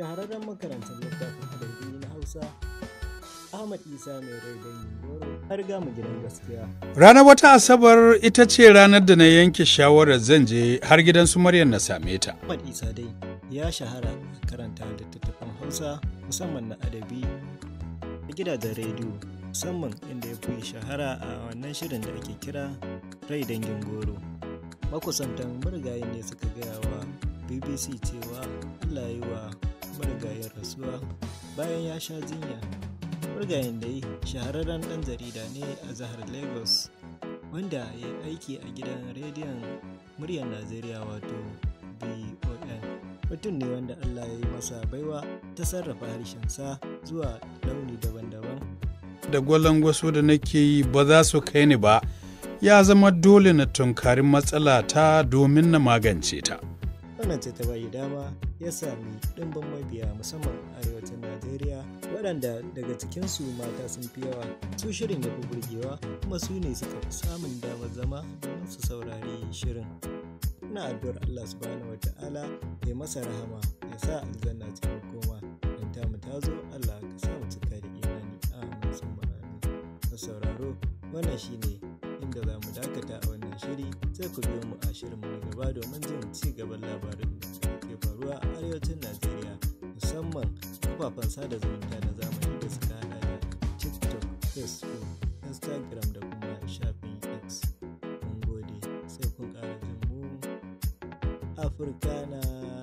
shahararren makarantar littafin halittu na hausa ahmad isa mai rai da har gamu gidan gaskiya ranar wata asabar ita ce ranar da na yanke shawarar zan je har gidan su maryam na same ta ahmad isa dai ya shahara karanta littattafan hausa musamman na adabi a gidajen rediyo musamman inda ya fi shahara a wannan shirin da ake kira rai dangin goro makusantan marigayi ne suka gaya wa bbc cewa allah yi wa Osborn bayan ya sha jinya. Burgayen da yi shahararren ɗan jarida ne a jihar Lagos wanda ya yi aiki a gidan rediyon muryar Najeriya wato BON. Mutum ne wanda Allah ya yi masa baiwa ta sarrafa harshensa zuwa launi daban-daban. Da gwalangwaso da nake yi ba za su kai ni ba, ya zama dole na tunkari matsala ta domin na magance ta. wannan ta bayi dama ya sami ɗimbin mabiya musamman a arewacin najeriya waɗanda daga cikinsu mata sun fi yawa su shirin da fi burgewa kuma su ne suka fi samun damar zama domin su saurari shirin ina addu'ar allah subhanahu wataala ya masa rahama ya sa aljanna cikin koma don mu ta zo allah ka sa mu cika da imani a sun ma'ani sauraro wannan shine sai ku biyo mu a shirinmu na gaba domin jin ci gaban labarin da ke faruwa a arewacin Najeriya musamman kafafen sada zumunta da zamani da suka hada da TikTok, Facebook, Instagram da kuma shafin X. Mun gode sai kun ƙara jin mu Afirka na